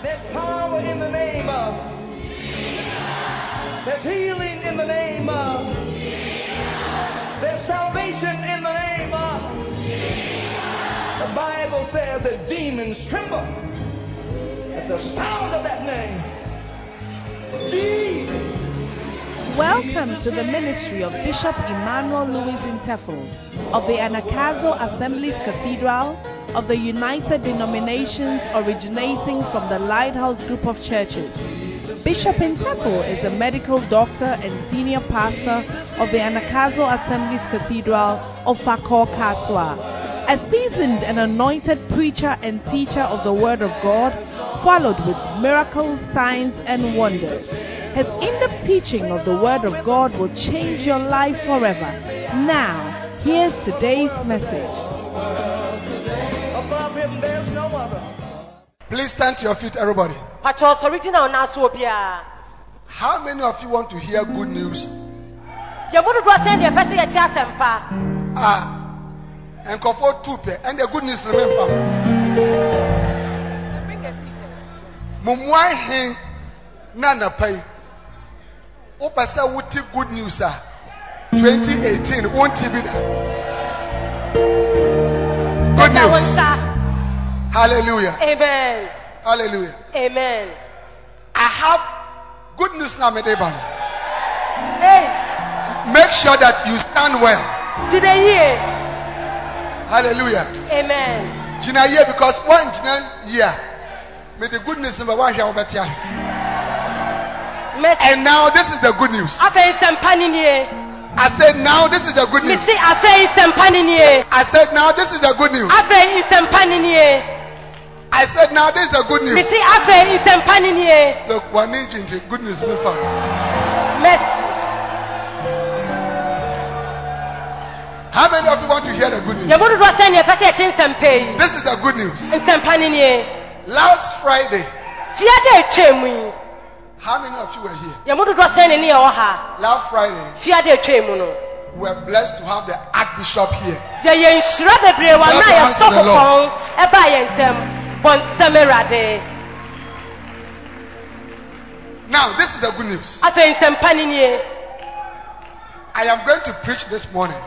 There's power in the name of. There's healing in the name of. There's salvation in the name of. The Bible says that demons tremble at the sound of that name. Jesus. Welcome to the ministry of Bishop Emmanuel Louis Intefel of the Anakazo Assemblies Cathedral of the United Denominations originating from the Lighthouse Group of Churches. Bishop Intepo is a medical doctor and senior pastor of the Anakazo Assemblies Cathedral of Fakor A seasoned and anointed preacher and teacher of the Word of God, followed with miracles, signs, and wonders. His in-depth teaching of the Word of God will change your life forever. Now, Here's today's message. Please stand to your feet, everybody. How many of you want to hear good news? Ah, and comfort two and the good news remember. Mumwai hin na na pay. sa wuti good news ah. 2018, won't be that? Good news. Hallelujah. Amen. Hallelujah. Amen. I have good news now, my neighbor. Hey. Make sure that you stand well. Today year. Hallelujah. Amen. Jina year because one Jina year. May the good news number one here over here. And now this is the good news. I said, now this is the good news. I said, now this is the good news. I said, now this is the good news. I Look, one inch, good news, move on. Mercy. How many of you want to hear the good news? This is the good news. Last Friday, How many of you were here? Yɛmudodoɔ sɛn ni ni yɛ wɔ ha. Last Friday. Fiade etwa mu no. We are blessed to have the Archbishop here. Yɛ yɛn nsira bebree wa na yɛ sɔ kɔkɔn ɛba yɛn nsɛm bɔnsɛm erade. Now this is the good news. Afei nsɛmpa ni nie. I am going to preach this morning.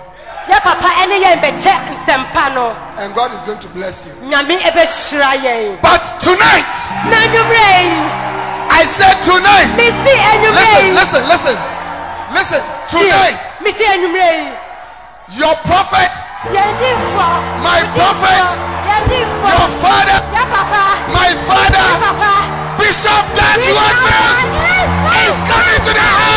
Yɛ papa ɛni yɛn bɛkyɛ nsɛmpa no. And God is going to bless you. Nyame ebɛhyira yɛn. But tonight. N'anwumire yi. I said tonight. Listen, listen, listen. Listen, tonight. Your prophet. My prophet. Your father. My father. Bishop that one man is coming to the house.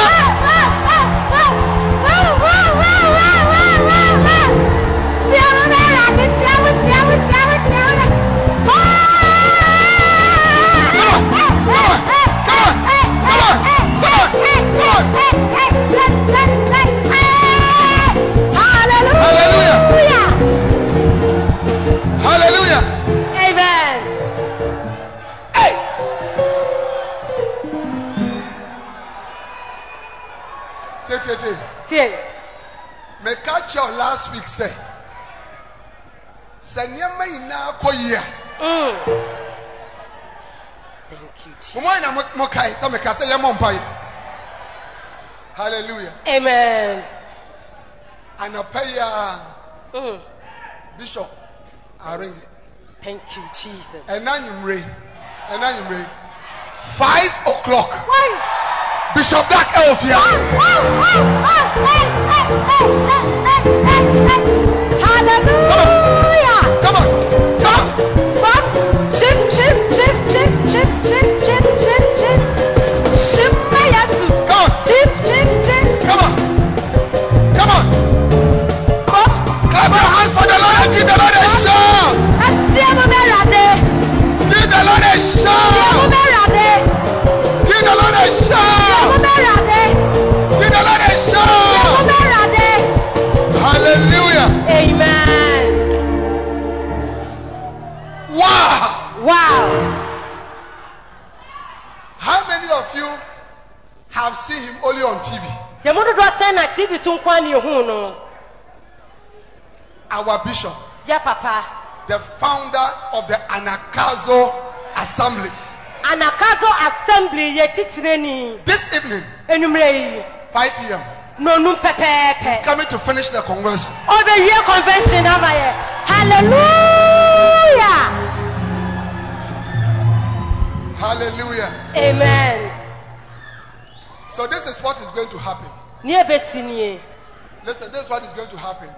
Tie, tie, tie. Tie. Me catch your last week say. Sɛ nneɛma nyinaa kɔ yie a. Mm. Thank you, Jesus. Mo mọ ina mo kae sɛ meka sɛ yɛ mɔ mpa yi. Hallelujah. Amen. Anapa yi mm. Bishop Aringe. Thank you, Jesus. Ɛna nyimire. Ɛna nyimire. Five o'clock. Why? Bishop Black Elvia. Hallelujah. have seen him only on TV. Yẹmu dodoɔ sɛn na TV so nkwa ni ehun no. Our bishop. Yeah, papa. The founder of the Anakazo assemblies. Anakazo assembly yɛ titire ni. This evening. Enumere yi. Five p.m. Nonum pɛpɛɛpɛ. He's coming to finish the convention. Obewie convention aba yɛ. Hallelujah. Hallelujah. Amen. So this is what is going to happen. Listen, this is what is going to happen.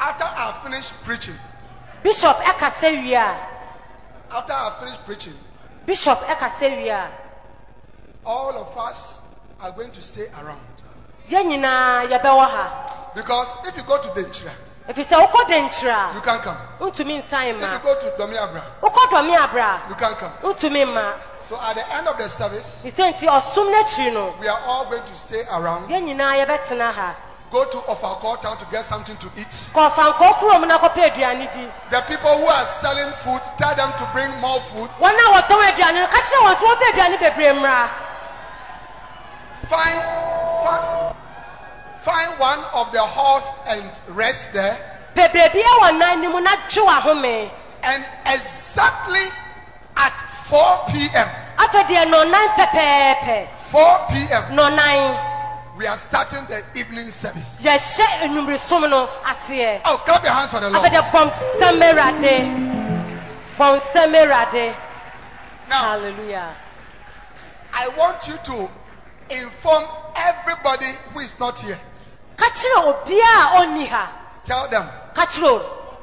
After I finish preaching. Bishop Ekase wia. After I finish preaching. Bishop Ekase wia. All of us are going to stay around. Because if you go to Denchira. If you say Oko Dentra, you can come. Untumi If you go to Domi Abra, Oko Domi Abra, you can come. Untumi Ma. So at the end of the service, you say we are all going to stay around. Yẹn nyinaa yẹ bẹ tena ha. Go to Ofanko town to get something to eat. Kọ̀ọ̀fànkọ́ kúrò mu náà kọ́ di. The people who are selling food tell them to bring more food. Wọ́n náà wọ̀ tán aduane, ká ṣe wọ́n sí wọ́n fẹ́ aduane Fine, fine. find one of the horse and rest there. And exactly at 4 p.m. 4 p.m. We are starting the evening service. Oh, clap your hands for the Lord. Now, Hallelujah. I want you to inform everybody who is not here. ka kyerɛ a ɔnni ha tell them o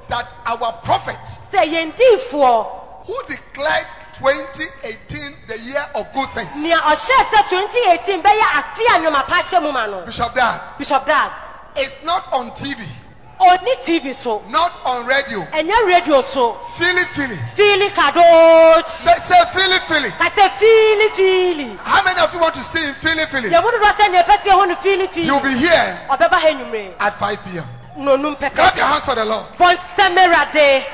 that our prophet sɛ yɛn diifoɔ who declared 2018 the year of good things. Nea ọ̀ṣẹ́ ṣe 2018 bẹ́yà àti àyànmọ́ apáṣẹ́ mu mà nù. Bishop Dag. Bishop Dag. It's not on TV. On TV so. Not on radio. And radio so. Feel it, feel it. Feel Say, say feel it, feel say feel it, How many of you want to see him feel it, feel it? You want to send your pet here to feel it, feel it. You'll be here. At 5 p.m. No, no, Clap your hands for the Lord. Boy, day.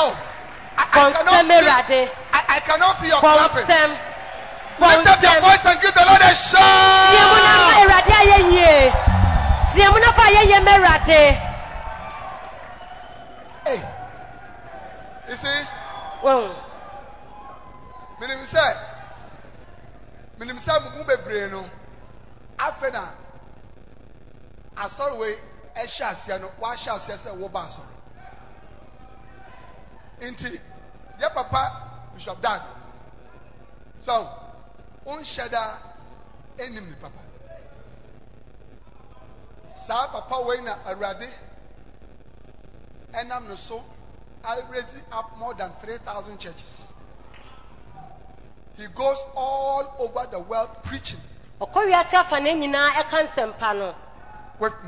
Oh, I, I cannot feel. I, I cannot feel your clapping. Lift up your voice and give the Lord a shout. team na fa ye ye merate hey you see well minim sɛ minim sɛ mu bebree no afei na asɔrowee ɛhyɛ aseɛ no wahyɛ aseɛ sɛ wɔba asɔre nti yɛ papa bishop dan so nhyɛ da anim ne papa saa papa wei na awurade ɛnam no so I raising up more than three thousand churches. He goes all over the world preaching. With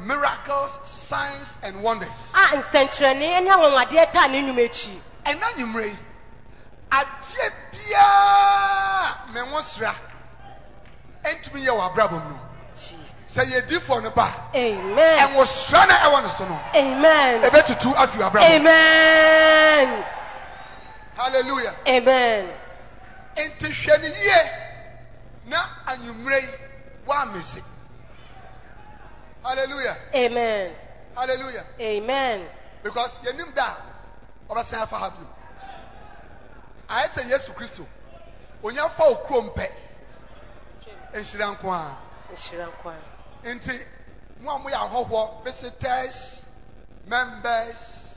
miracles, signs, and wonders. And now you pray. Adie bia me won sra. Entumi ye wa brabo mu sɛ yɛ difoɔ no ba ɛnwosra no ɛwɔ ne so no ɛbɛtutu afi wabrɛ Amen. nti hwɛ ne yie na anwummerɛ yi Amen. Hallelujah. Amen. because yɛnim da a ɔbɛsan afa ha bio ayɛ sɛ yesu kristo onyamfa wo kurom pɛ nhyira nko a nti mo a mo yɛ ahɔhoɔ visitors members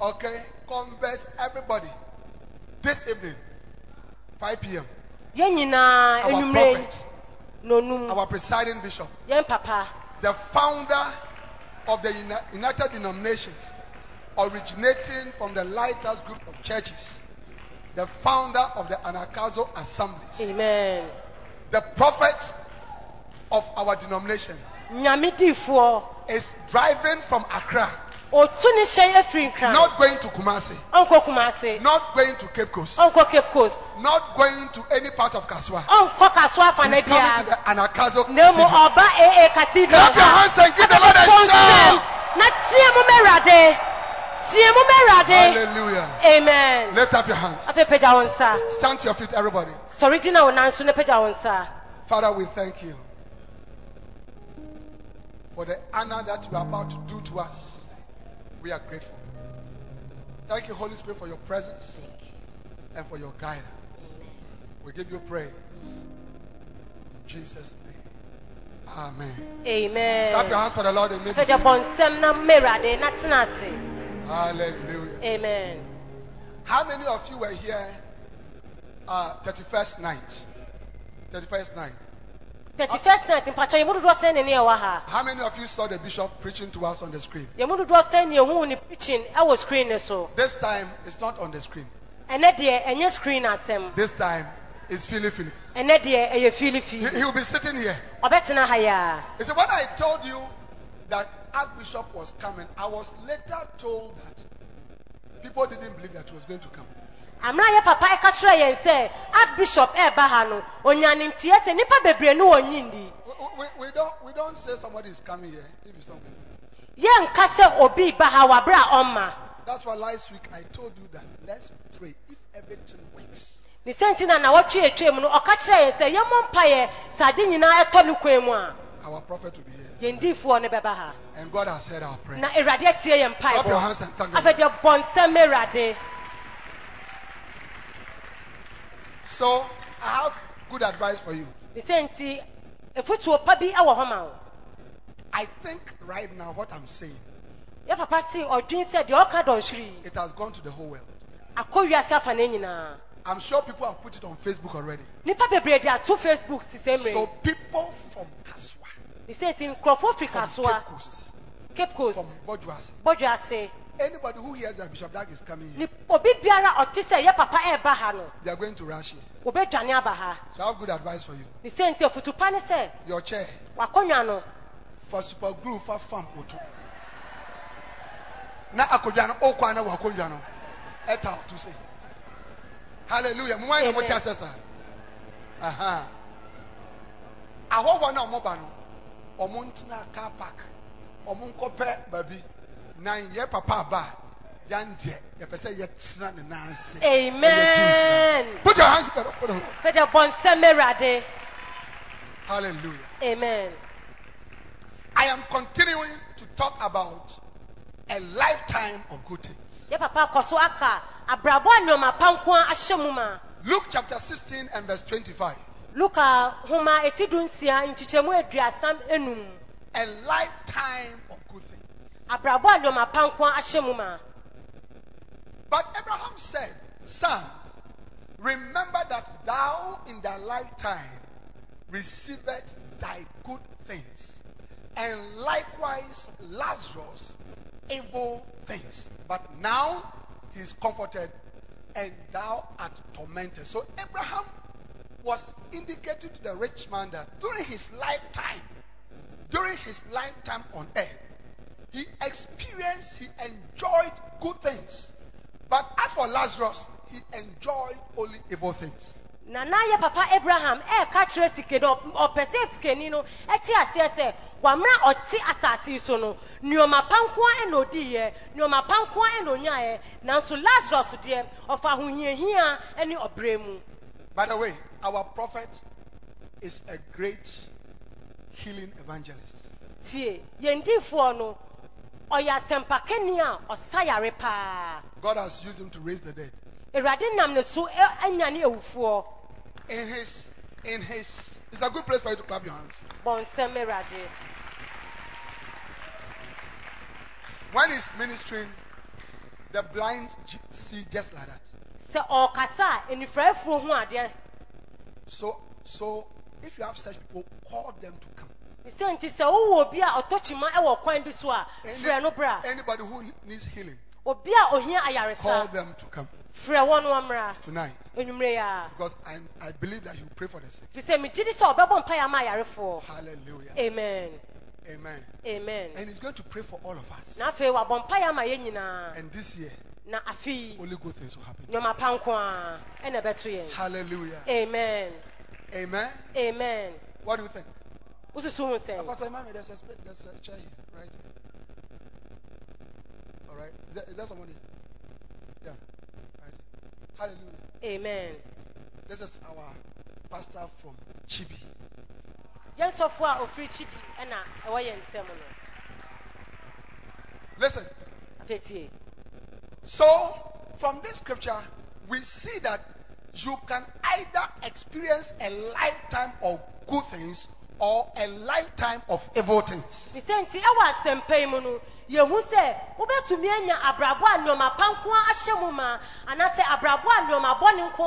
okay converts everybody this evening five pm. yẹn nyinaa enumere n'onum our presiding bishop. yẹn papa. the founder of the united denominations originating from the Lighters group of churches the founder of the anakazo assemblies. amen. the prophet of our denomination is driving from Accra. Not going to Kumasi. Uncle Kumasi. Not going to Cape Coast. Uncle Cape Coast. Not going to any part of Kaswa. Uncle Kaswa Fanegia. coming to the Anakazo Nemo Oba AA Cathedral. Clap your hands and give the Lord a shout. Na tiemu merade. Tiemu merade. Hallelujah. Amen. Lift up your hands. Stand to your feet, everybody. Sorry, Dina Onansu, Father, we thank you for the honor that you are about to do to us. We are grateful. Thank you, Holy Spirit, for your presence and for your guidance. We give you praise. In Jesus' name. Amen. Amen. Clap your hands for the Lord in make Hallelujah. Amen. How many of you were here uh, 31st night? 31st night. 31st night How many of you saw the bishop preaching to us on the screen? yɛmu dodoɔ sɛn preaching screen so This time, it's not on the screen. screen This time, it's Philly Philly. He, he will be sitting here. ɔbɛtena ha yaa He said, When I told you that Archbishop was coming, I was later told that people didn't believe that he was going to come. amara yɛ papa ɛka e kyerɛ yɛn sɛ archbishop ɛɛba e ha no e sɛ nipa bebree ne wɔn ndi. we don we don say somebody is coming here if you something. yɛn nka sɛ obi ba ha wabere a ɔma. that's why last week i told you that let's pray if everything works. ne sɛnti na nawɔtwe etwe mu no ɔka kyerɛ yɛn sɛ yɛn mo mpa yɛ sade nyinaa ɛtɔ ne kwan mu a. our prophet will be here. Yẹn diifoɔ ne bɛ ba ha. And God has heard our prayer. Na Ewurade etie yɛn mpa Clap your hands and thank So I have good advice for you. I think right now what I'm saying. It has gone to the whole world. I'm sure people have put it on Facebook already. Nipa bebre, two So people from Kaswa. From Cape Coast. Cape Coast. From Bojuase. Bojuase. Anybody who hears that Bishop Dag is coming here, they are going to rush here. So I have good advice for you. Your chair for super glue for farm otu. Na akodwa no okwa na wakodwa no. to Hallelujah. Mo wan mo ti asesa. Aha. Ahọ wọn na ọmọ ba no. Ọmọ ntina car park. Ọmọ nkọpẹ papa amen. put your hands up hallelujah. amen. I am continuing to talk about a lifetime of good things. Luke chapter 16 and verse 25. A lifetime of good things abrabọ ma. but abraham said son remember that thou in thy lifetime received thy good things and likewise lazarus evil things but now he is comforted and thou art tormented so abraham was indicating to the rich man that during his lifetime during his lifetime on earth He experienced, he enjoyed good things. But as for Lazarus, he enjoyed only evil things. Nana n'ayɛ papa abraham ɛɛka eh, kyerɛ sike no ɔpɛ eh, sɛ sikani no ɛte aseɛ sɛ wamra ɔte asase yi so no nneɔma pa nkoa ɛna e odiiɛ nneɔma pa nkoa ɛna e onyaeɛ nanso lazarus deɛ ɔfa ahohiahia ɛne ɔbrɛ mu by the way our prophet is a great healing evangelist tie yɛn difoɔ no God has used him to raise the dead. In his, in his, it's a good place for you to clap your hands. bɔ nsɛm When he's ministering, the blind see just like that. So, so if you have such people, call them to come anybody who needs healing call them to come tonight because i i believe that you pray for the sick hallelujah amen amen amen and he's going to pray for all of us and this year na only good things will happen hallelujah amen amen amen what do you think What's the someone saying? Uh, pastor Imam, there's a space, there's a chair here, right? All right. Is that is there someone Yeah. Right. Hallelujah. Amen. This is our pastor from Chibi. Yes, of what of free Chibi and a Hawaiian terminal. Listen. So, from this scripture, we see that you can either experience a lifetime of good things or a lifetime of evil things. Ìsèǹtì ẹ wà sẹ̀mpẹ́ yìí mu no, yẹ̀hu sẹ̀, wọ́bẹ̀tùmí ẹ̀nya àbràbọ̀ ànìọ̀mà pankó ahyẹ́ mu ma, ànásẹ̀ àbràbọ̀ ànìọ̀mà bọ́ni nkó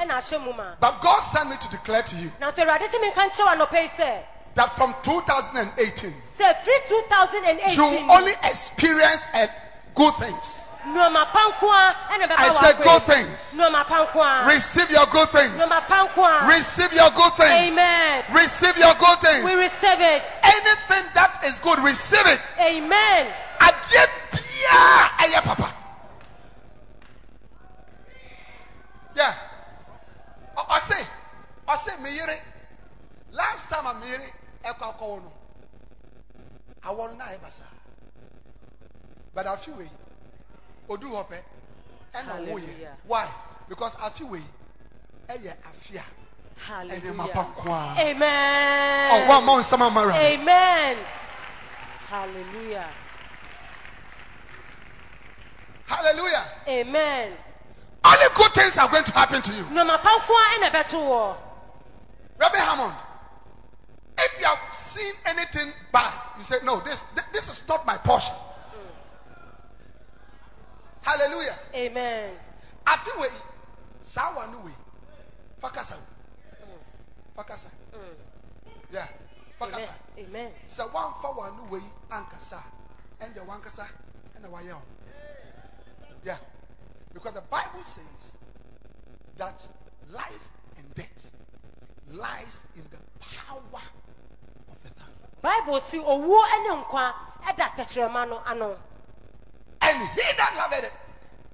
ẹ̀nà ahyẹ́ mu ma. But God sent me to declare to you. Nàṣẹ Ìrọ̀adé sí mi nǹkan kyẹ́ nọ̀pẹ́ yìí That from 2018. Sẹ̀ free 2018. You only experience good things. I said good things. Receive your good things. Receive your good things. Amen. Receive your good things. We receive it. Anything that is good, receive it. Amen. papa. Yeah. I say, I say, Miri. Last time I Miri, I won know, But I feel odu hɔ pɛ ɛna ɔmo yɛ why because afi wei ɛyɛ Afia, a ma ba nko amen ɔwɔ oh, a ma nsɛm amen hallelujah hallelujah amen only good things are going to happen to you nneɛma pa nko a ɛna ɛbɛto wɔ Rabbi Hammond if you have seen anything bad you say no this, this is not my portion. Hallelujah. Amen. Afi wei, saa wa no Fakasa. Fakasa. Yeah. Fakasa. Amen. Sɛ wamfa wa no wei ankasa, ɛnjɛ wankasa ɛna wayɛ ho. Yeah. Because the Bible says that life and death lies in the power of the tongue. Bible si owu ɛne nkwa ɛda tɛkyerɛma no ano. and he that loveth it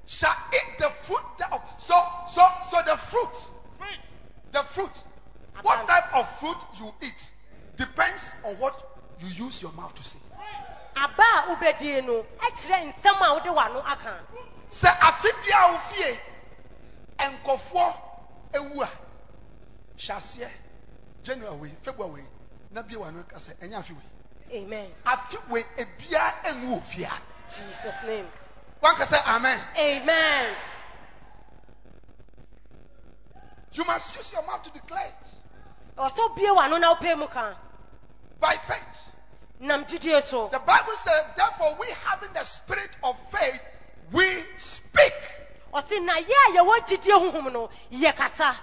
shall eat the fruit thereof. So, so, so the fruit, fruit. the fruit, About what type of fruit you eat depends on what you use your mouth to say. Aba a wobɛdie nsɛm a wode w'ano aka. Sɛ afe bi a wofie nkɔfoɔ ewu hyaseɛ January wei February wei na bie w'ano ka sɛ ɛnyɛ afe wei. Amen. Afe wei ebia enwu ofia. Jesus name. One can say amen. Amen. You must use your mouth to declare it. Ọsọ bie wa no na ope By faith. Nam jidie so. The bible says therefore we having the spirit of faith we speak. Ọsẹ na yẹ a yẹwọ jidie no yẹ kasa.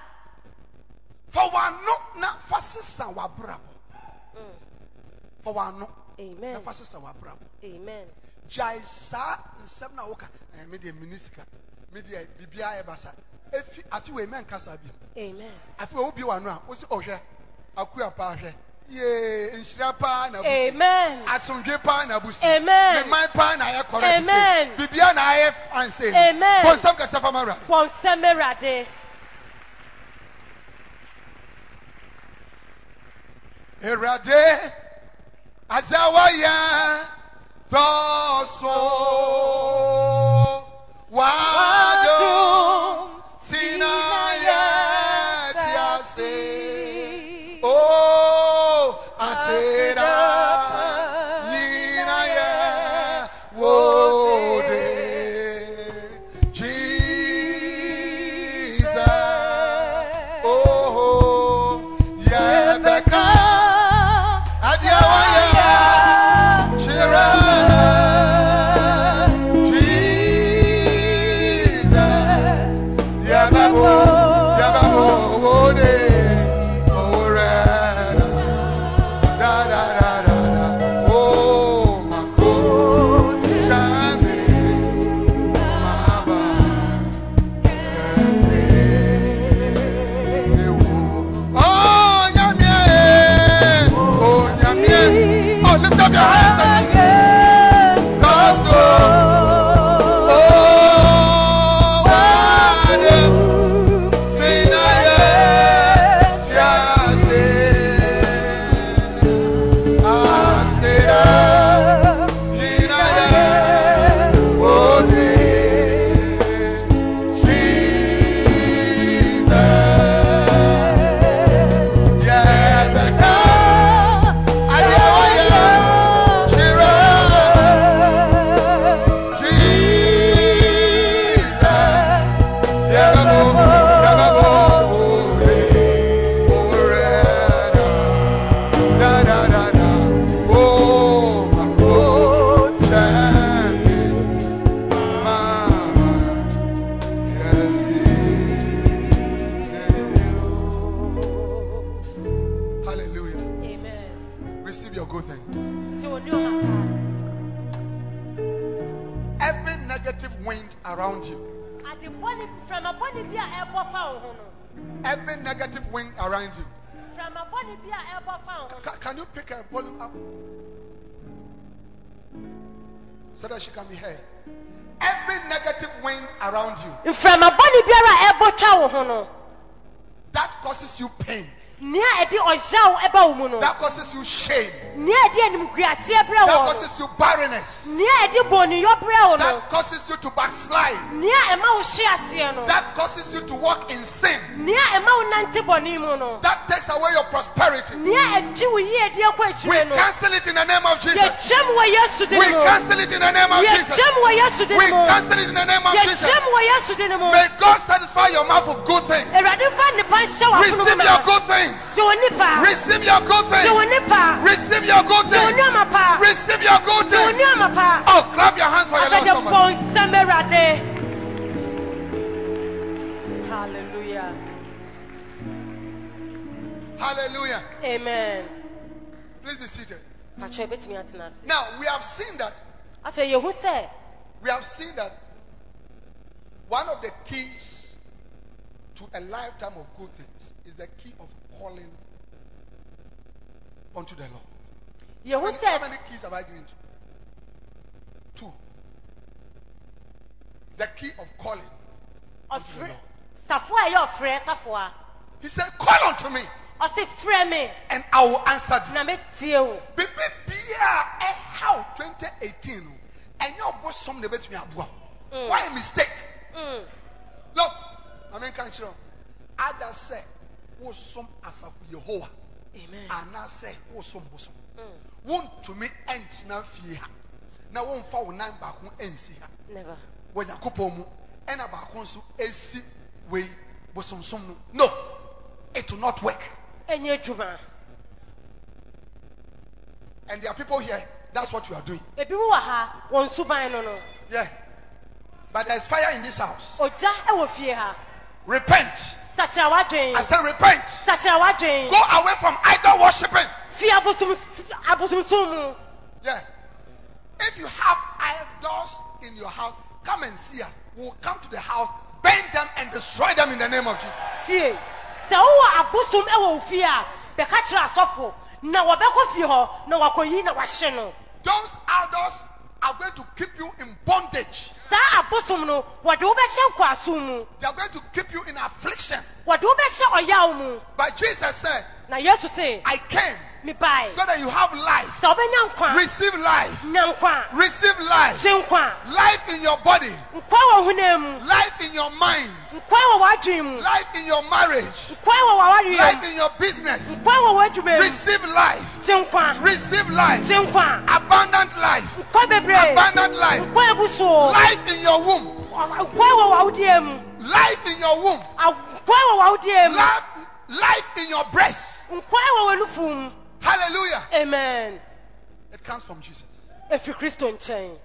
For wa no na fa sisan wa brabo. Mm. For wa no. Amen. Nafa sesa wa Abraham. Amen. Jaisa saa nsɛm na woka ɛɛ eh, mi deɛ mini sika mi deɛ bibi basa efi afi wei mɛn kasa bi. Amen. Afi wei obi wa no a wosi ɔhwɛ oh, akuya paa hwɛ yee nhyira paa na busi. Amen. Asomdwe pa na busi. Amen. Mmeman pa na ya kɔrɔ Amen. Bibia na ayɛ anse. Amen. Pɔnsɛm kasa fam awurade. Pɔnsɛm awurade. Awurade àtẹwáyé tó sùn wá. mu no. that causes you shame. ní That causes you barrenness. That causes you to backslide. That causes you to walk in sin. That takes away your prosperity. We cancel it in the name of Jesus. We cancel it in the name of Jesus. We cancel it in the name of Jesus. May God satisfy your mouth with good things. Receive your good things. Receive your good things. Receive your good Receive your good things. Oh, clap your hands for your Lord. Hallelujah. Hallelujah. Amen. Please be seated. Now, we have seen that. We have seen that one of the keys to a lifetime of good things is the key of calling unto the Lord. Yehu said, How many keys have I given to you? Two. The key of calling. Ofre, safua yo ofre safua. He said, Call unto me. say frɛ me. And I will answer thee. Na mi tie o. Bíbí bíyà ɛhaw eh, twenty eighteen o, ɛnyɛ ɔbɔ sɔm na ebetumi aboa. Why mistake? Mm. Look, maame nka nkyerɛ o, ada sɛ wosom asafo Yehowa. Amen. Anaasɛ some bosom. wontumi ɛntena fie ha na womfa wo nan baako ɛnsi ha wɔ nyankopɔn mu ɛna baako nso ɛsi wei bosomsom no no it will not work ɛnyɛ adwuma and there are people here that's what you are doing ebi wɔ ha wɔn suban no no yeah but there is fire in this house ogya ɛwɔ e fie ha repent sakyɛ awadwen i say repent sakyɛ awadwen go away from idol worshiping Yeah. If you have iron doors in your house, come and see us. We'll come to the house, bend them, and destroy them in the name of Jesus. Eh? sɛ na na na those idols are going to keep you in bondage they are going to keep you in affliction but jesus said i came so that you have life. Receive life. Receive life. Life in your body. Life in your mind. Life in your marriage. Life in your business. Receive life. Receive life. Abundant life. Abundant life. Life in your womb. Life in your womb. Life, life in your breast. Hallelujah. Amen. It comes from Jesus. Efiri Kristo chain.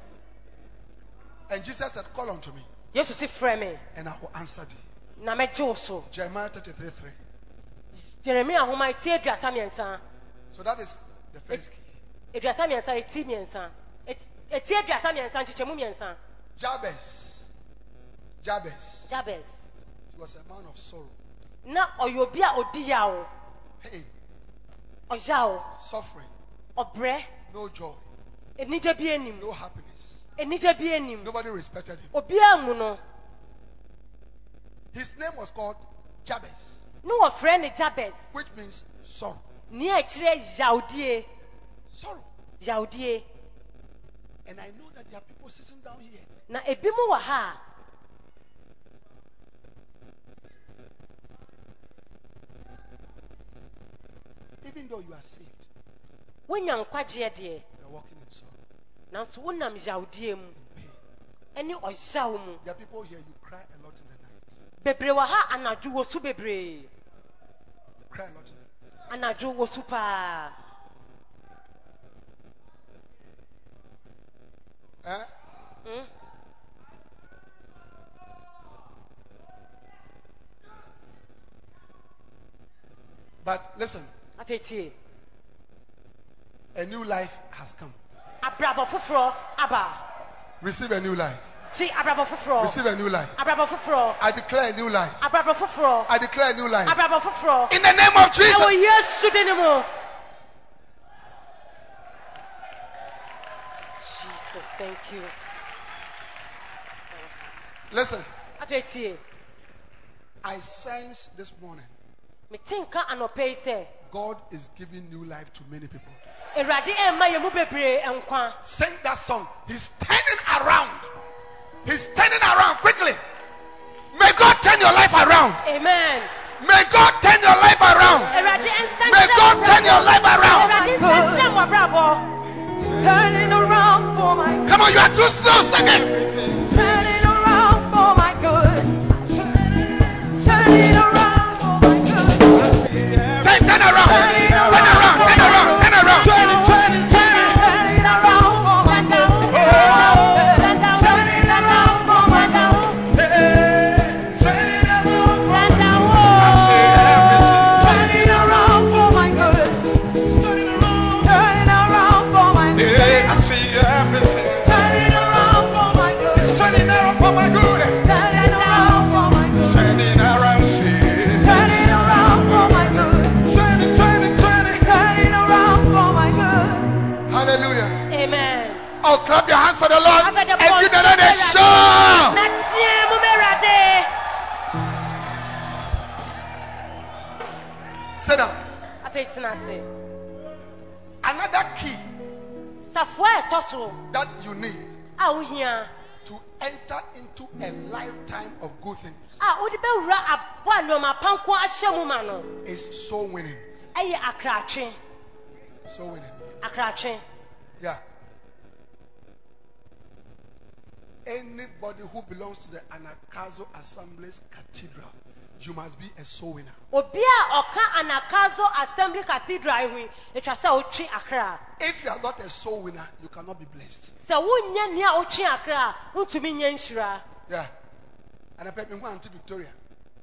And Jesus said, Call unto me. Yesu si frɛ me. And I will answer thee. Na mɛgye wo so. Jeremiah 33 3. Jeremia ahoma eti aduasa mmiɛnsa. So that is the first key. Aduasa mmiɛnsa eti mmiɛnsa. Eti aduasa mmiɛnsa nkyekyɛmu mmiɛnsa. Jabez. Jabez. Jabez. He was a man of sorrow. Na ɔyɛ obi a odi yaw. Pain. Oh. ọ̀yá o. suffering. ọ̀brẹ́. no joy. enijẹ bí enim. no happiness. enijẹ bí enim. nobody respected him. òbí àmùnà. his name was called jabez. ní wọ́n fẹ́ ni jabez. which means sorrow. ní ẹ̀kyẹ́rẹ́ yàwùdíye. sorrow. yàwùdíye. and i know that there are people sitting down here. na ebi mu wà ha. even though you are saved, you are walking in sorrow. in pain. There are people here, you cry a lot in the night. You cry a lot in the night. Eh? Hmm? But listen, a new life has come. Receive a new life. Receive a new life. I declare a new life. I declare a new life. In the name of Jesus. Jesus, thank you. Listen. I sense this morning metenka anɔpɛ yi sɛ God is giving new life to many people. Awurade ɛma yɛ mu bebree nkwa. Sing that song. He's turning around. He's turning around quickly. May God turn your life around. Amen. May God turn your life around. May God turn your life around. Turning around for my. Come on, you are too slow. Second. no mapanko ma no is so winning. ɛyɛ akratwe So winning. akratwe Yeah. Anybody who belongs to the Anakazo Assembly's Cathedral, you must be a soul winner. obi a ɔka anakazo assembly cathedral yi ho atwa sɛ ɔtwe akra If you are not a soul winner, you cannot be blessed. sɛ wonyɛ nea ɔtwe akra a wontumi nyɛ nhyira Yeah. And I bet me who Auntie Victoria.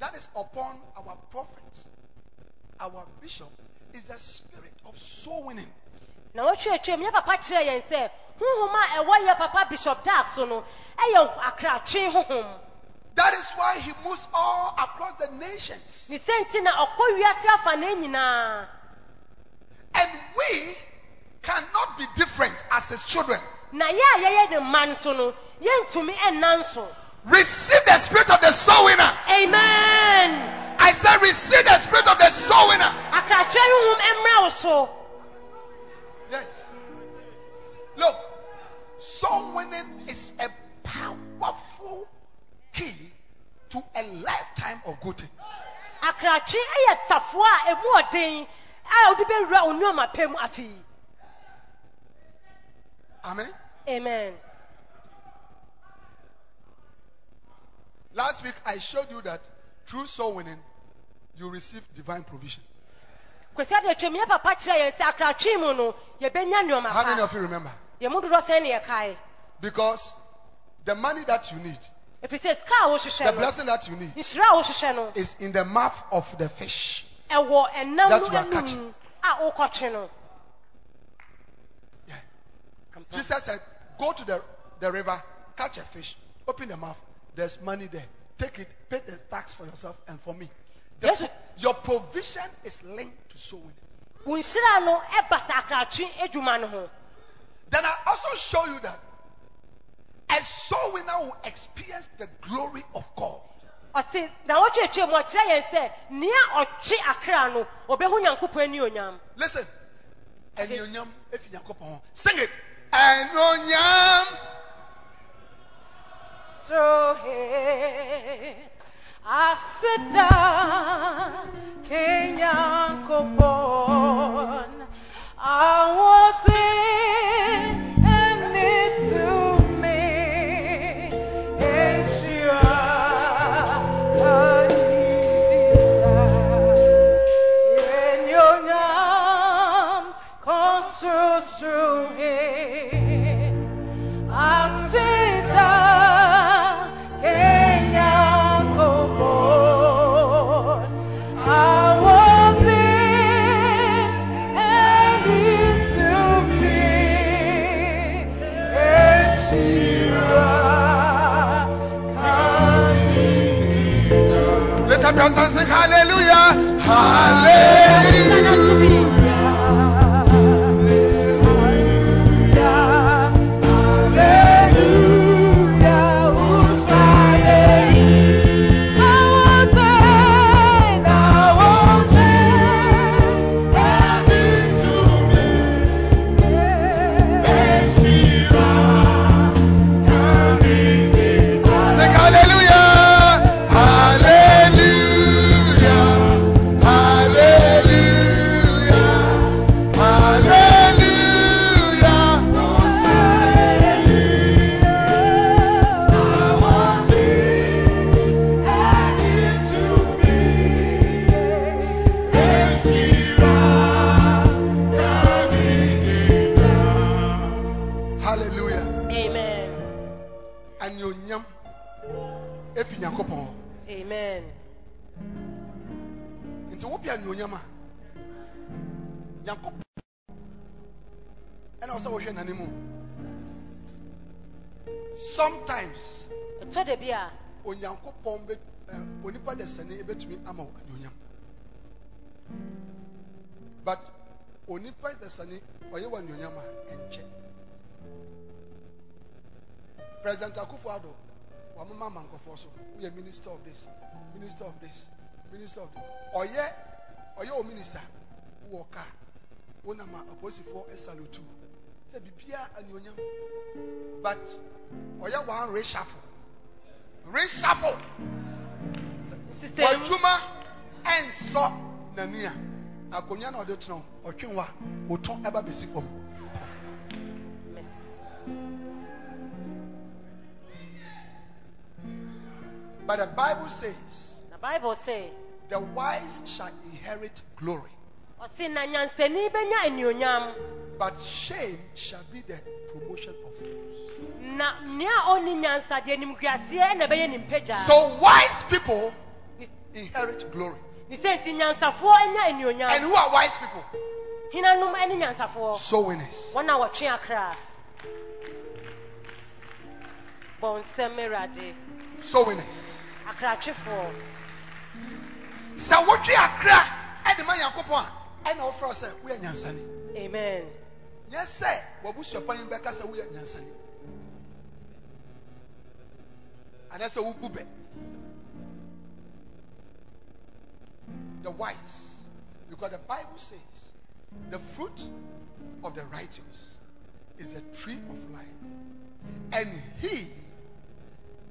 that is upon our prophet, our bishop, is the spirit of soul winning. na wɔtwerɛtwerɛ mu yɛ papa kyerɛ yɛn sɛ honhom a ɛwɔ yɛ papa bishop dark so no akra akratwe honhom That is why he moves all across the nations. ne sɛ na ɔkɔ afa na. And we cannot be different as his children. na yɛ a yɛyɛ de man nso no yɛntumi ɛnna nso Receive the spirit of the soul winner. Amen. I said, receive the spirit of the soul winner. Yes. Look, soul winning is a powerful key to a lifetime of good things. amen. amen. Last week I showed you that through soul winning, you receive divine provision. How many of you remember? Because the money that you need, the blessing that you need, is in the mouth of the fish that you are catching. Yeah. Jesus said, Go to the, the river, catch a fish, open the mouth, there's money there. Take it, pay the tax for yourself and for me. The, yes. Your provision is linked to sowing. Then I also show you that a soul winner will experience the glory of God. Listen. Okay. Sing it so here I sit down, Kenya. Kopo. Aleluia! ɛna ɔsɛ wɔhwɛ n'anim sometimes ɛtɔ eh, de bi a onyankopɔn bɛ ɛ onipa dɛsɛni ebɛtumi ama anyonyam but onipa dɛsɛni ɔyɛ wɔ anyonyam a ɛnkyɛ president akufo ado wàmúmá ma nkɔfo so wúyɛ minister of this minister of this minister of this ɔyɛ ɔyɛ o minister wúwɔ kaa wọnà for apolisifoɔ ɛsalutu. sɛ bibia anyonyam but ɔyɛ wɔn reshuffle reshuffle wadwuma ɛnsɔ n'ani a akonnwa na ɔde tena ɔtwe wa otɔn ɛba besi fam. But the Bible says, the Bible says, the wise shall inherit glory. But shame shall be the promotion of fools. So wise people inherit glory. And who are wise people? So winners. So winners. Sawotwe akra ɛde ma yankopɔn a and ɛna ɔfrɛ we are yansani. amen back as a bɛka yansani. And nyansane anaasɛ wobu bɛ the wise because the bible says the fruit of the righteous is a tree of life and he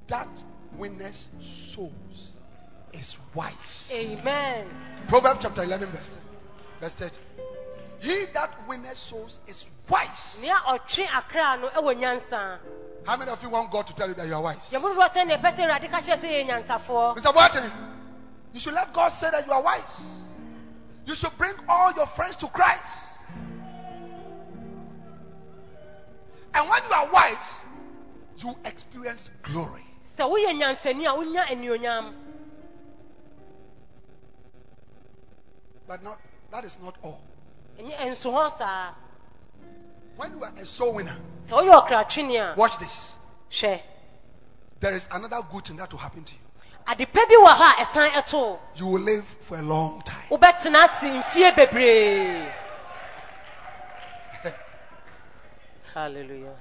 that winneth souls is wise amen proverbs chapter 11 verse 10 he that winneth souls is wise. How many of you want God to tell you that you are wise? Mr. Boateng, you should let God say that you are wise. You should bring all your friends to Christ. And when you are wise, you experience glory. But not that is not all. When you are a soul winner, watch this. Share. There is another good thing that will happen to you. a you will live for a long time. hallelujah.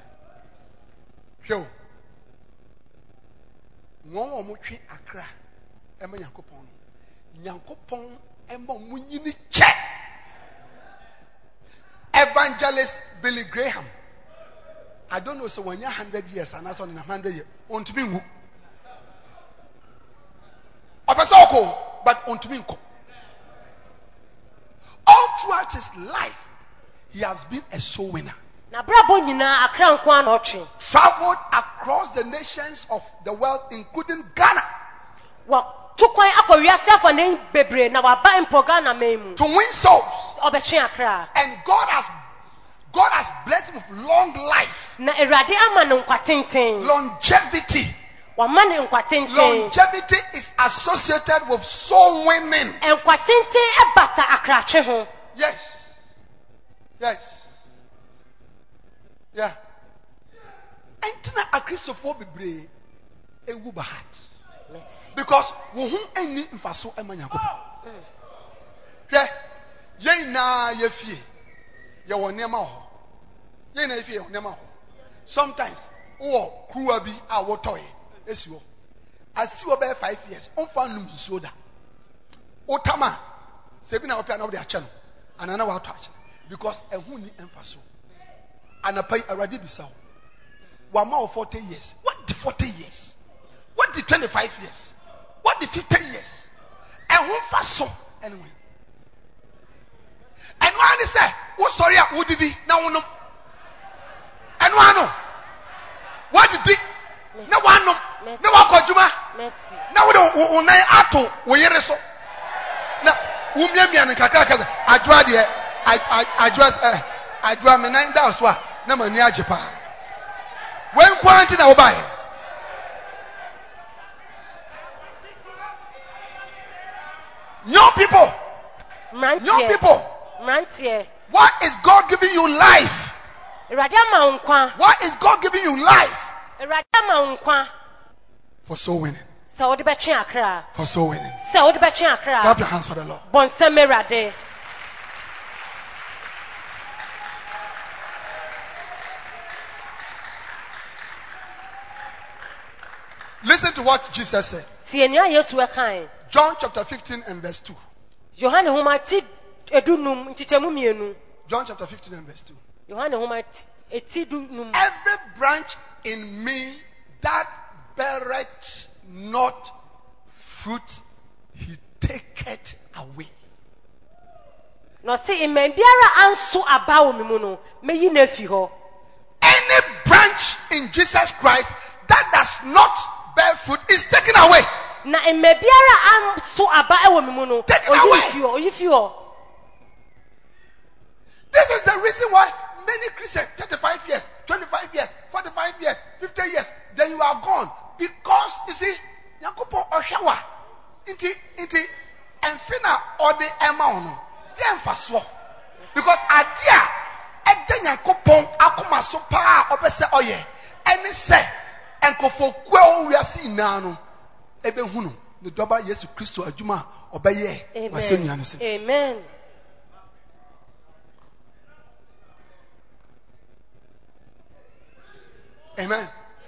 hwɛ a wɔtwe akra ɛma nyankopɔn ɛmɔ mu nyini evangelist billy graham i don't know sɛ wɔnyɛ hundred years Only ɔnena hundred years ɔntumi nwu ɔpɛ sɛ but ɔntumi all throughout his life he has been a soul winner n'abrabọ nyinaa akra nko ara travelled across the nations of the world including ghana. Well. to win souls. And God has God has blessed him with long life. Na erade ama no nkwa tenten. Longevity. Wama ne nkwa tenten. Longevity is associated with soul winning. Nkwa tenten ɛbata akrakye ho. Yes. Yes. Yeah. Ɛntina akristofoɔ bebree ewu bahat. because wo ho ani mfa so ma nyankopɔn hwɛ yɛn nyinaa yɛfie yɛwɔ nneɛma wɔ hɔ yɛn nyinaa yɛfie yɛwɔ nneɛma wɔ hɔ sometimes wowɔ kuruwa bi a wotɔeɛ esi hɔ asi wɔ bɛyɛ five years ɔmfa num nsuo da wotam a sɛ ebi na wɔpɛ anaa wɔde akyɛ no anaa na wɔatɔ akyɛ because ɛho ni mfa so anapa yi awurade bisa wo wama wɔ forty years what the forty years. What the 25 years? What the 15 years? And who faso anyway? And why they say, what story are you did now? No, and why no? What did he? No one, no one, Kojuma. Now we don't, we don't have to, we hear so. Now, we may be an Kakaka, I draw the, I draw, I draw me nine thousand. Now, my near Japan. When quarantine, I'll buy it. Young people. Mantie. Young people. Mantie. Why is God giving you life? Why is God giving you life? For soul winning. For soul winning. Clap your hands for the Lord. Listen to what Jesus said. John chapter 15 and verse 2. John chapter 15 and verse 2. Every branch in me that beareth not fruit, he taketh away. Na ɔsi mmɛn biara anso aba wɔ mimuno mu no, Any branch in Jesus Christ that does not bear fruit is taken away. na mma biara aso aba wɔ me mu no oyi fi hɔ oyi fi hɔ. this is the reason why many christians thirty-five years twenty-five years forty-five years fifty years then you are gone because you see nyankopɔn ɔhwɛ wa nti nti mfe na ɔde ɛma wɔn no nfa soɔ because adeɛ a ɛde nyankopɔn akoma so paa ɔbɛ sɛ ɔyɛ ɛne sɛ nkurɔfokuo a wɔwia si nyinaa no ɛbɛhu no ne dɔba yesu Kristu adwuma a ɔbɛyɛ wasɛ nua no so amen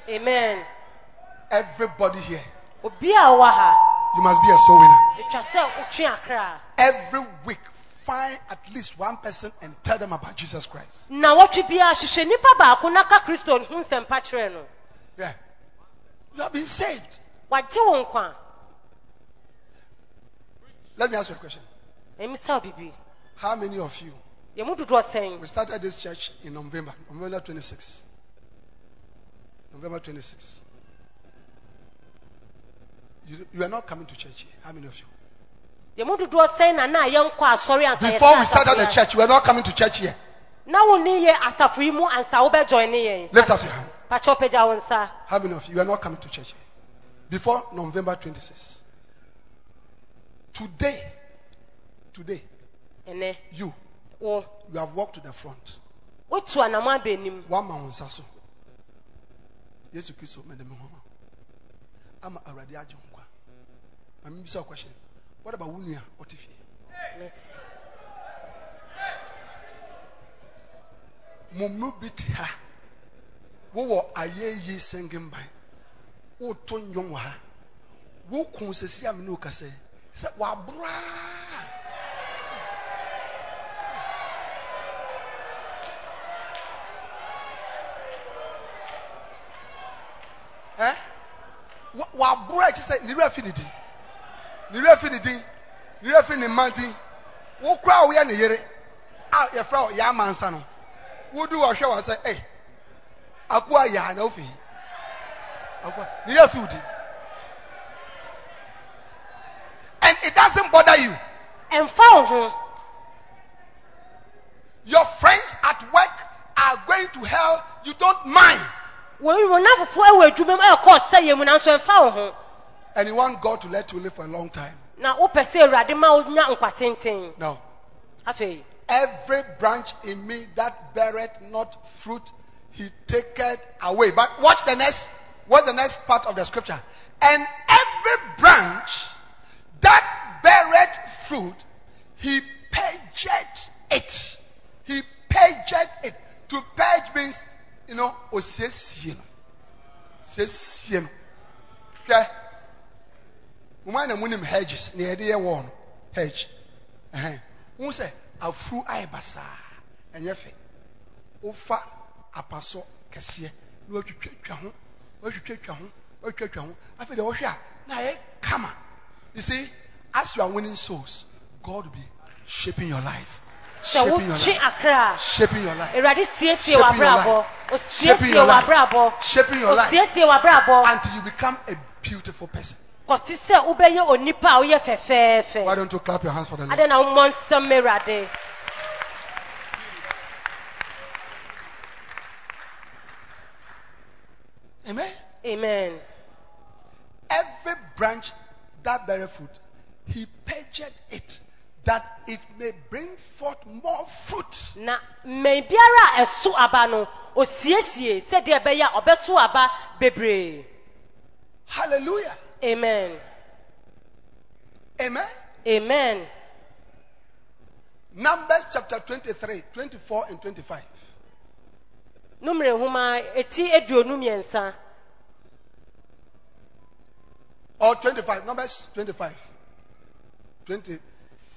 amen everybody here obi a ɔwɔ ha you must be a soul winner etwa sɛ otwe akra every week find at least one person and tell them about jesus christ na wɔtwe biara hyehyɛ nipa baako n'aka kristo ho nsɛmpa kyerɛ no yeah. You have been saved. Let me ask you a question. How many of you? We started this church in November, November 26. November 26. You, you are not coming to church How many of you? Before we started the church, we are not coming to church here. Lift up your hand. How many of you, are not coming to church before November 26. Today, today, you, you have walked to the front. One man saso. Yesu Kristo mede me ho. Ama awurade agye nkwa. Ma me bisa question. What about wunia otifi? Yes. Mumu bit ha. wowɔ ayeye sengemban woto nnwom wɔ ha woku sɛsi a mene wo kasɛ sɛ waboraa ɛ e akyi sɛ nira fi ne din nira fi ne din nira fi ne mma din wokura a woyɛ ne yere a yɛfrɛ no wodu wɔhwɛ wɔ sɛ akoa ya ana ofi akoa ne yɛ fiwudi and it doesn't bother you. And follow her your friends at work are going to hell you don't mind. wọ́n wọ́n náà fufu ẹ̀wọ̀ you remember kọ́ ọ̀sẹ̀ Say you náà nso ẹ̀nfa ohun. and you want God to let you live for a long time. Now, o pẹ sẹ ewurade ma o nya no. every branch in me that beareth not fruit he taketh away. But watch the next, what's the next part of the scripture? And every branch that beareth fruit, he pageth it. He pageth it. To page means, you know, osiesie. Siesie. Okay? Woman and women hedges, near the one hedge. Who say, a fruit I basa, and yefe. Ofa apaso kɛseɛ na watwitwa ho watwitwa ho watwitwa ho afei deɛ wɔhwɛ a na ayɛ kama you see as you are winning souls God will be shaping your life. Shaping your life. Shaping your life. Shaping your life. Shaping your life. Shaping your life. Until you become a beautiful person. Why don't you clap your hands for the Lord? Amen. Amen. Every branch that beareth fruit, he paged it that it may bring forth more fruit. Na mmebiara eso aba no osiesie de ɛbɛyɛ obesu aba bebre. Hallelujah. Amen. Amen. Amen. Numbers chapter 23, 24 and 25 numere nhoma eti eduonu mmiɛnsa. or oh, twenty five numbers twenty five twenty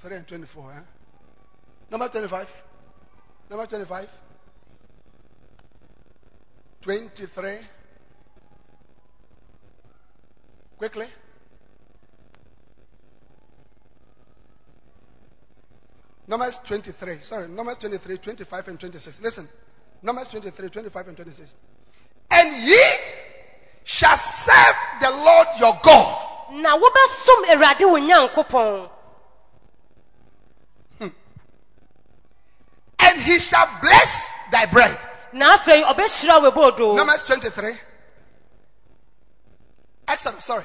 three and twenty four eh? number twenty five number twenty five twenty three quickly. Numbers 23, sorry, Numbers 23, 25, and 26. Listen. Numbers 23, 25, and 26. And ye shall serve the Lord your God. Na wobɛsom Awurade wo Nyankopɔn. Hmm. And he shall bless thy bread. Na afei ɔbɛhyira wo Numbers 23. Exodus, sorry.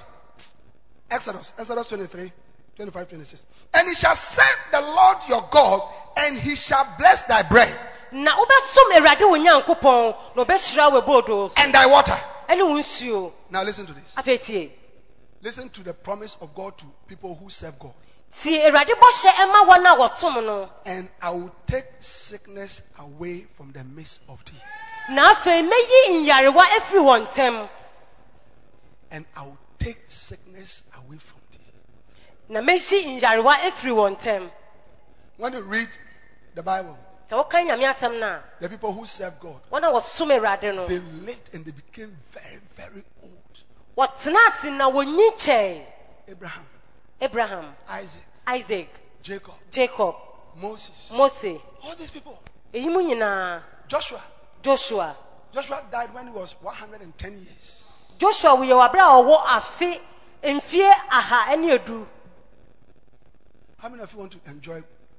Exodus, Exodus 23. 25, 26. And he shall serve the Lord your God, and he shall bless thy bread na wobɛsom awurade wo nyankopɔn na and thy water. ɛne wo nsuo Now listen to this. Listen to the promise of God to people who serve God. tie awurade bɔhyɛ ɛma wɔn a wɔtom no And I will take sickness away from the midst of thee. na afei mɛyi nyarewa afiri wɔn And I will take sickness away from thee. na mɛyi nyarewa afiri wɔn ntam When you read the Bible, the people who served God, they lived and they became very, very old. Abraham, Abraham, Isaac, Isaac, Jacob, Jacob, Moses, Moses, all these people. Joshua, Joshua, Joshua died when he was 110 years. Joshua we afe mfie aha ne do. How many of you want to enjoy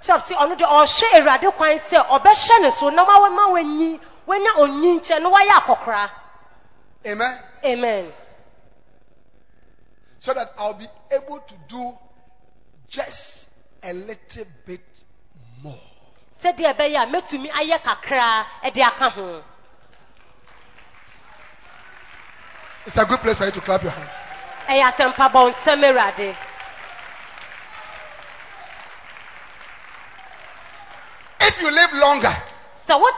chapsi ɔno deɛ ɔrehwɛ awurade kwan sɛ ɔbɛhyɛ ne so na ma ma wanyi wanya onyi nkyɛn na wayɛ akɔkora amen amen so that i'll be able to do just a little bit more sɛdeɛ ɛbɛyɛ a mɛtumi ayɛ kakra ɛde aka ho it's a good place for you to clap your hands ɛyɛ asɛmpa bɔ nsɛm awurade if you live longer, so what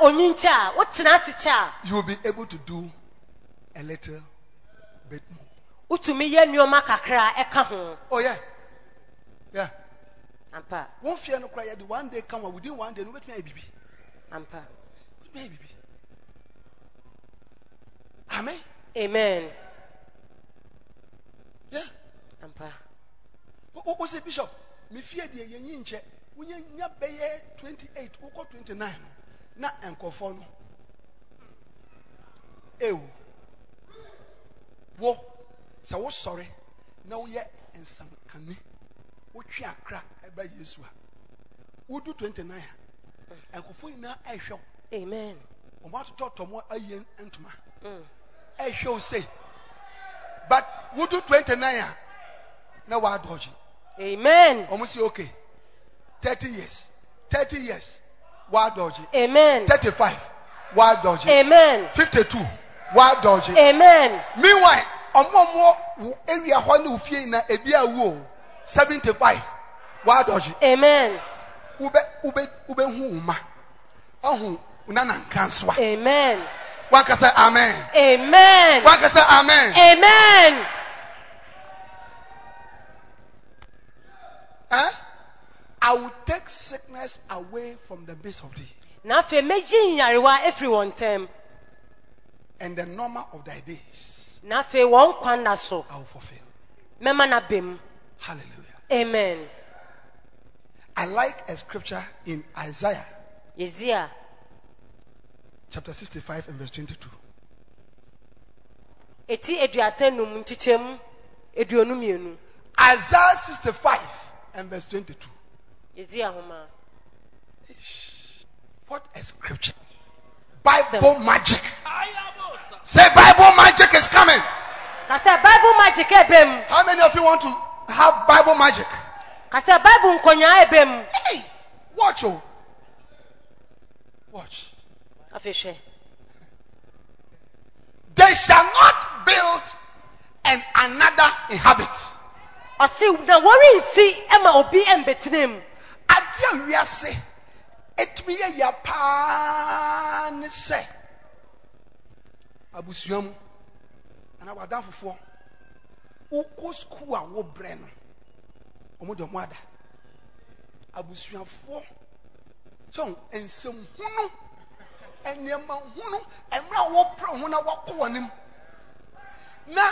onyincha, what tenaticha, you will be able to do a little bit more. Utumi ye nyoma kakra eka Oh yeah. Yeah. Ampa. Won fear no cry the one day come within one day no wait betumi baby. Ampa. Betumi bibi. Amen. Amen. Yeah. Ampa. What was it, Bishop? Me fear the yen wonye nya bɛyɛ 28 wokɔ 29 na nkɔfoɔ no ewu wo sɛ wosɔre na woyɛ nsamkane wotwe akra ɛba yesu a wodu 29 a nkɔfoɔ nyinaa ɛhwɛ wo amen wɔn atotɔ tɔmɔ ayie ntoma mm. ɛhwɛ wo sei but wodu 29 a na wadɔgye amen wɔn si okay. 30 years. 30 years. Wild dodgy. Amen. 35. Wild dodgy. Amen. 52. Wild dodgy. Amen. Meanwhile, ọmụmụ area hɔ ne ofie na ebi awuo 75. Wild dodgy. Amen. Ube ube ube hu uma. Ọhụ nana nka nsoa. Amen. Wankasa amen. Amen. Wankasa amen. Amen. Eh? I will take sickness away from the midst of thee. na afei megye nyarewa afiri wɔn ntam And the number of thy days na afei wɔn nkwa nna so I will fulfill. Hallelujah. amen I like a scripture in Isaiah Isaiah, chapter 65 and verse 22. ɛti aduasa num nkyekyɛm aduonu mmienu Isaiah 65 and verse 22. What a scripture. Bible magic. Say Bible magic is coming. How many of you want to have Bible magic? Hey, watch o. Oh. Watch. They shall not build and another inhabit. I see. Now, worry, see, Emma, obi, and betim. agye a etumi yɛ ya paa ne sɛ abusua mu anaa wada fofoɔ wokɔ sukuu a wobrɛ no wɔn de wɔn ada abusuafoɔ sɛ nsɛmhunu nneɛma hunu mmerɛ a wɔbrɛ ho na wɔkɔ wɔn anim na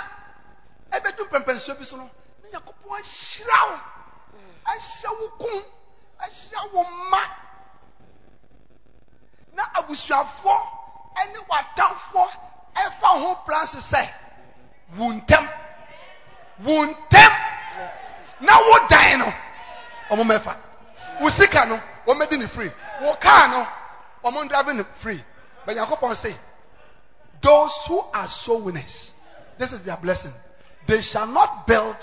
ɛbɛdu mpɛmpɛnsuo bi so no ne nyakopɔn ahyira wo ahyɛ wo kum. ahyia wo mma na abusuafoɔ ne w'atamfoɔ ɛfa ho plan se sɛ wo ntɛm wo ntɛm na wo dan no ɔmo mɛfa wo sika no wɔmɛdi ne free wo kaa no wɔn driving ne free but yankopɔn say those who are so winners this is their blessing they shall not build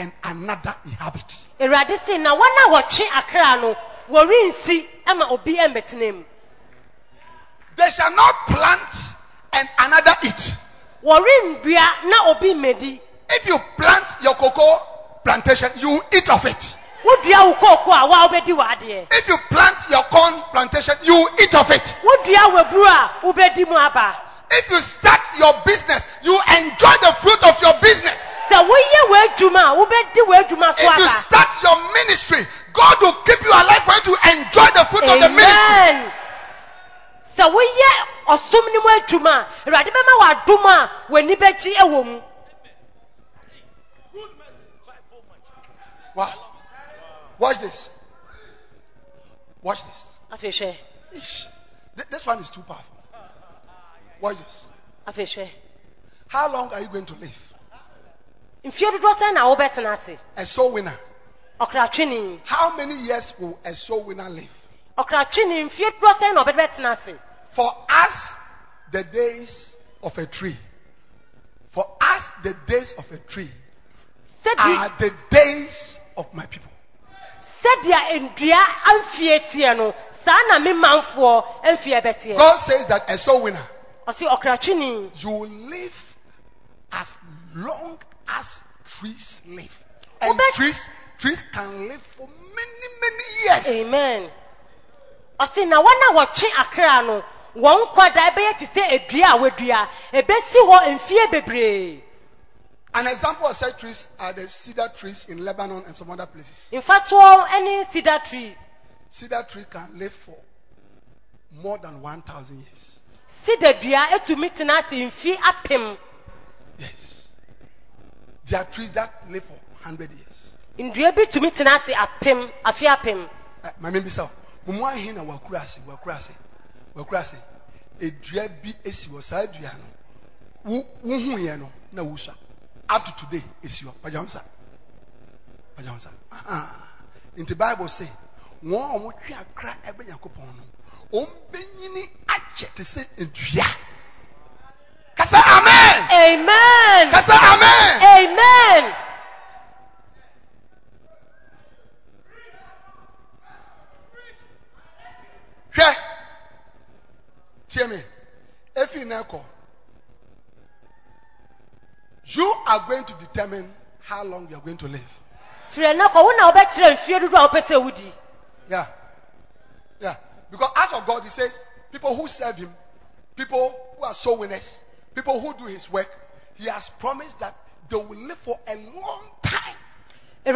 and another inhabit. Awurade si na wɔn a wɔtwe akra no wɔrensi ama obi mmɛtena mu. They shall not plant and another eat. Wɔrendua na obi mmedi. If you plant your cocoa plantation, you eat of it. Wodua wo a waa wobɛdi w'adeɛ. If you plant your corn plantation, you eat of it. Wodua w'aburo a wobɛdi mu If you start your business, you enjoy the fruit of your business sɛ woyɛ w'adwuma a wobɛdi w'adwuma so if you start your ministry god will keep you alive for you to enjoy the fruit of the ministry amen sɛ woyɛ ɔsom no mu adwuma a awurade bɛma w'adom a w'ani bɛgye ɛwɔ mu Wow. Watch this. Watch this. Afishe. This one is too powerful. Watch this. Afishe. How long are you going to live? mfie dodoɔ sɛn na wobɛtena ase A soul winner. ɔkratwene How many years will a soul winner live? ɔkratwene mfie dodoɔ sɛn na ɔbɛde bɛtena ase For us, the days of a tree. For us, the days of a tree are the days of my people. sɛdeɛ ndua amfie teɛ no saa na me manfoɔ amfie God says that a soul winner, ɔse ɔkratwene you will live as long as trees live. And Obed. trees, trees can live for many, many years. Amen. Ɔsi na wɔn a wɔtwe akra no, wɔn kwada ɛbɛyɛ te sɛ edua a ebe ɛbɛsi hɔ mfie bebree. An example of such trees are the cedar trees in Lebanon and some other places. In fact, all any cedar trees. Cedar tree can live for more than one thousand years. Cedar dua etumi mitina si mfi apem. Yes. There are trees that live for 100 years. Ndua bi tumi tena ase apem, afe apem. Eh, Maame bi sa, mumu ahe na wakura ase, wakura ase, wakura ase. Edua bi esi wɔ saa dua no, wo wohu yɛ no na wosua. Up to today esi hɔ, pagya nsa, pagya nsa. Nti Bible say, wɔn a wɔtwe akra ɛbɛ nyakopɔn no, wɔn bɛnyini akyɛ te sɛ edua. Kasa Amen. Amen. Kasa Amen. Amen. hwɛ tie me efi na ɛkɔ you are going to determine how long you are going to live. fìrẹ̀ náà kọ̀ wọ́n náà ọbẹ̀ kyerẹ́ nfiẹ́ dúdú àwọn pẹ̀sẹ̀ ewu di. yeah yeah because as of God he says people who serve him people who are soul winners people who do his work, he has promised that they will live for a long time. This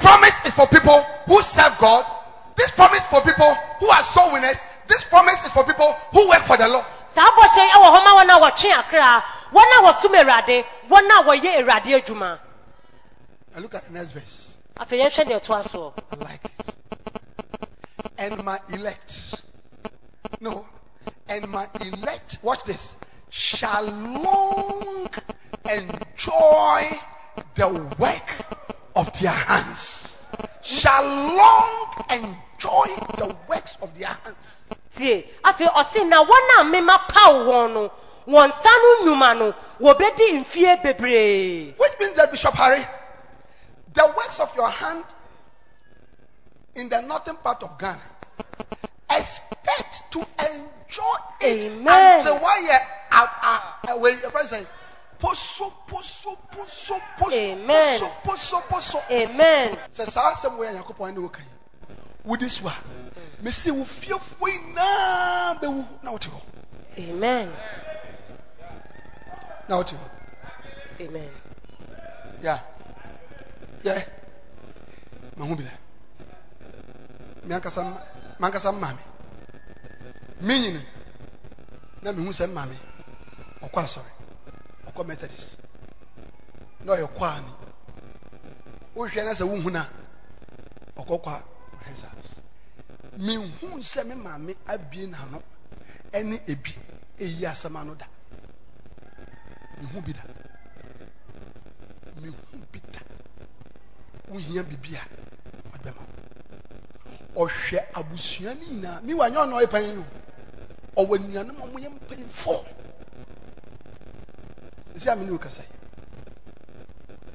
promise is for people who serve God. This promise is for people who are soul winners. This promise is for people who work for the Lord. I look at the next verse. I like it. and my elect. No, and my elect, watch this, shall long enjoy the work of their hands. Shall long enjoy the works of their hands. tie I ɔsi na wɔn a mema paw wɔn no wɔn nsa numano, wobedi no wɔbɛdi mfie which means that bishop harry the works of your hand in the northern part of Ghana, expect to enjoy it Amen. until one year. Uh, uh, uh, Wait, say, poso, poso, poso, poso, poso, poso, poso. Amen. Sɛ saa asɛm wɔ yɛ nyakopɔn ne woka yi wodi so a mesi wo fiefo nyinaa bɛwu na wote hɔ Amen. na wote hɔ Amen. ya yɛ mahu bi dɛ mankasa mmame menyini na mehu sɛ mmame ɔkɔ asɔre ɔkɔ methodist na ɔyɛ kɔ ani wohwɛ na sɛ wohu na ɔkɔ kɔ rehearsals mehu sɛ me maame abie n'ano ɛne ebi eyi asɛm ano da mehu bi da mehu bi da wohia biribi a ɔde bɛma wo ɔhwɛ abusua ne nyinaa mi wa nyɛ ɔna ɔyɛ panyin o ɔwɔ nnuanom a wɔyɛ mpanyinfoɔ esi amini o kasa yi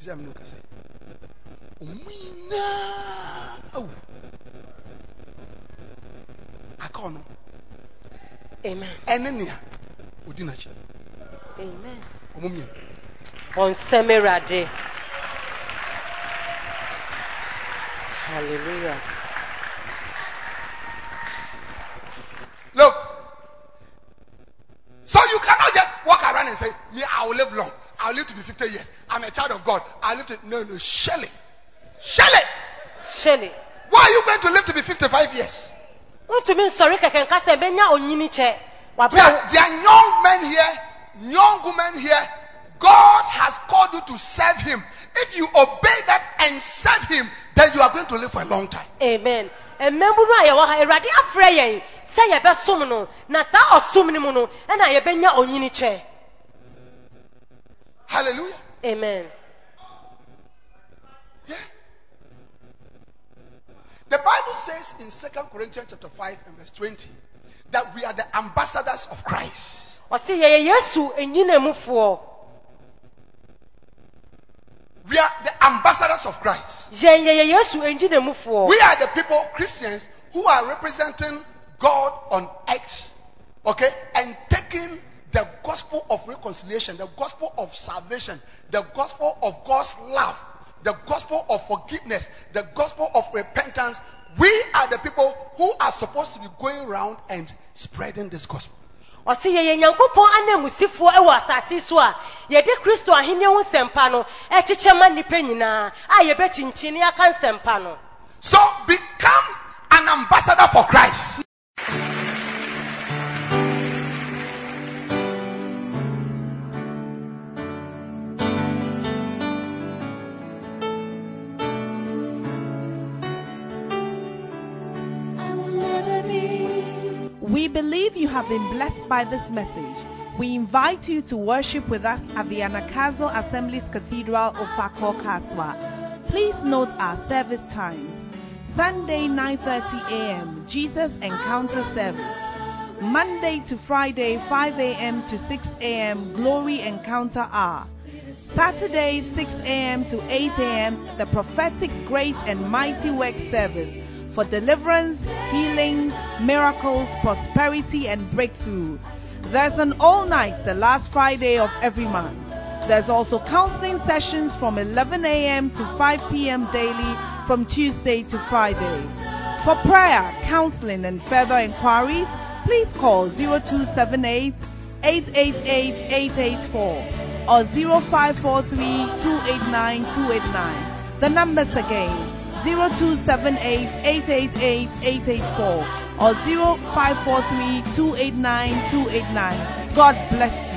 esi amini o kasa yi ɔmo nyinaa awu aka ɔno amen ɛne nea odi n'akyi amen ɔmo mmienu. ɔnsɛm awurade hallelujah. God. I live to. No, no, Shelley. Shelley. Shelley. Why are you going to live to be 55 years? ntumi nsọrọ kẹkẹnka sẹ bẹ nya onyini kyẹ. there are young men here young women here god has called you to serve him if you obey that and serve him then you are going to live for a long time. amen hallelujah. amen. The Bible says in 2 Corinthians chapter 5 and verse 20 that we are the ambassadors of Christ. We are the ambassadors of Christ. We are the people, Christians, who are representing God on earth, okay, and taking the gospel of reconciliation, the gospel of salvation, the gospel of God's love the gospel of forgiveness, the gospel of repentance, we are the people who are supposed to be going around and spreading this gospel. ɔsi yɛyɛ nyankopɔn anamusifoɔ asase so a yɛde kristo ahenni ho nsɛmpa no ɛkyekyɛ ma nnipa nyinaa a yɛbɛkyinkyin aka nsɛmpa no. so become an ambassador for christ. believe you have been blessed by this message. We invite you to worship with us at the Anakazo Assemblies Cathedral of Fako Kaswa. Please note our service times. Sunday 9:30 a.m. Jesus Encounter Service. Monday to Friday 5 a.m. to 6 a.m. Glory Encounter Hour. Saturday 6 a.m. to 8 a.m. The Prophetic Grace and Mighty Work Service for deliverance, healing, miracles, prosperity, and breakthrough. There's an all night, the last Friday of every month. There's also counseling sessions from 11 a.m. to 5 p.m. daily from Tuesday to Friday. For prayer, counseling, and further inquiries, please call 0278 888 884 or 0543 289 289. The numbers again 0278 or 0543 289 289. God bless you.